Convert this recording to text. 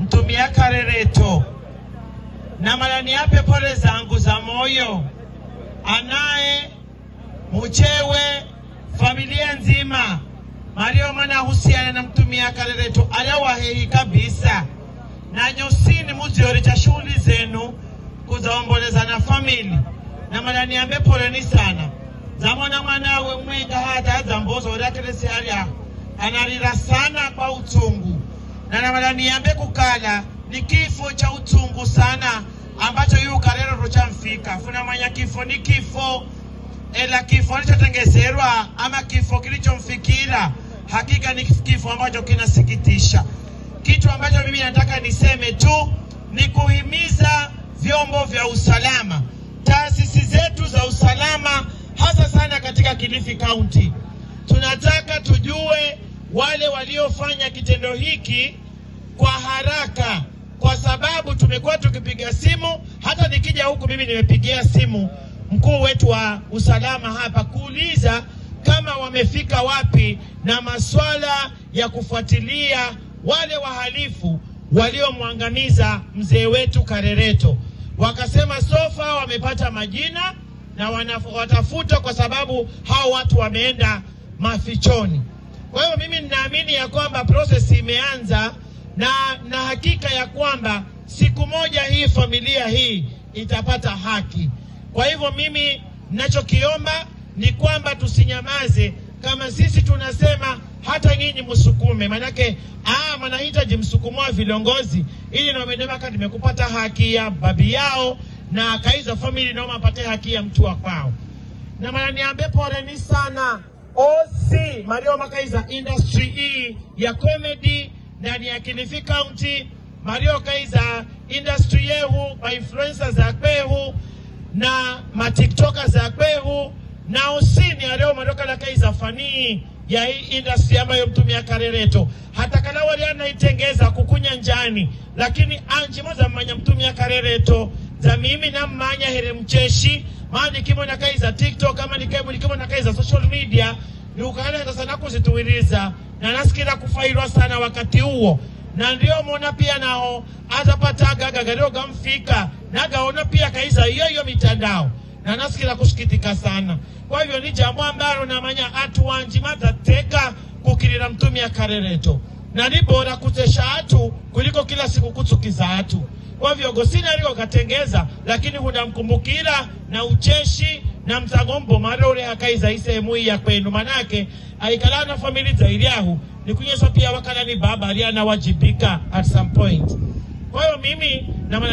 mtumia Kareleto, na mara niape pole zangu za moyo anaye muchewe familia nzima Mario mwana husiana na mtumia Kareleto aliawahehi kabisa, na nyosini cha shughuli zenu kuzaomboleza na famili, na mara niambe poleni sana zamwana mwanawe mwenga hata hadzambozo orakeresi alia anarira sana kwa utumu malamalani yambe kukala ni kifo cha utungu sana ambacho yuukalelo tuchamfika funa manya kifo ni kifo ela kifo alichotengeserwa ama kifo kilichomfikira hakika ni kifo ambacho kinasikitisha. Kitu ambacho mimi nataka niseme tu ni kuhimiza vyombo vya usalama, taasisi zetu za usalama, hasa sana katika Kilifi County, tunataka tujue wale waliofanya kitendo hiki kwa haraka, kwa sababu tumekuwa tukipiga simu. Hata nikija huku mimi nimepigia simu mkuu wetu wa usalama hapa kuuliza kama wamefika wapi na masuala ya kufuatilia wale wahalifu waliomwangamiza mzee wetu Karereto. Wakasema sofa wamepata majina na watafuta, kwa sababu hao watu wameenda mafichoni. Kwa hiyo mimi ninaamini ya kwamba prosesi imeanza na, na hakika ya kwamba siku moja hii familia hii itapata haki. Kwa hivyo mimi ninachokiomba ni kwamba tusinyamaze, kama sisi tunasema hata nyinyi msukume, manake ah, mnahitaji msukumo wa viongozi ili na kama nimekupata haki ya babi yao na Kaiza family naomba apate haki ya mtu wa kwao. Na maana niambie poreni sana OC Mario Makaiza industry hii e ya comedy ndani ya Kilifi County, Mario Kaiza, industry yehu influencers za kwehu na ma matiktoka za kwehu na usini areo madoka la Kaiza fanii ya industry ambayo mtumia karereto hata kana wali anaitengeza kukunya njani lakini anji moza mmanya mtumia karereto za mimi na mmanya here mcheshi maani kimo na kaiza TikTok ama nikaibu kimo na kaiza social media ni ukana hata sana kuzituwiriza na nasikira kufairwa sana wakati huo, na ndio muona pia nao atapataga gagario gamfika nagaona pia kaisa hiyo hiyo mitandao na nasikira kusikitika sana. Kwa hivyo ni jambo ambalo namanya atu wanji matateka kukirira ya karereto na ni bora kutesha atu kuliko kila siku kutsukiza atu. Kwa hivyo gosina rio katengeza, lakini hunamkumbukira na ucheshi na msagombo marore akaiza isehemu mui ya kwenu manake aikala na famili ni nikunyeswa pia wakala ni baba wajibika at some point. Kwa hiyo mimi na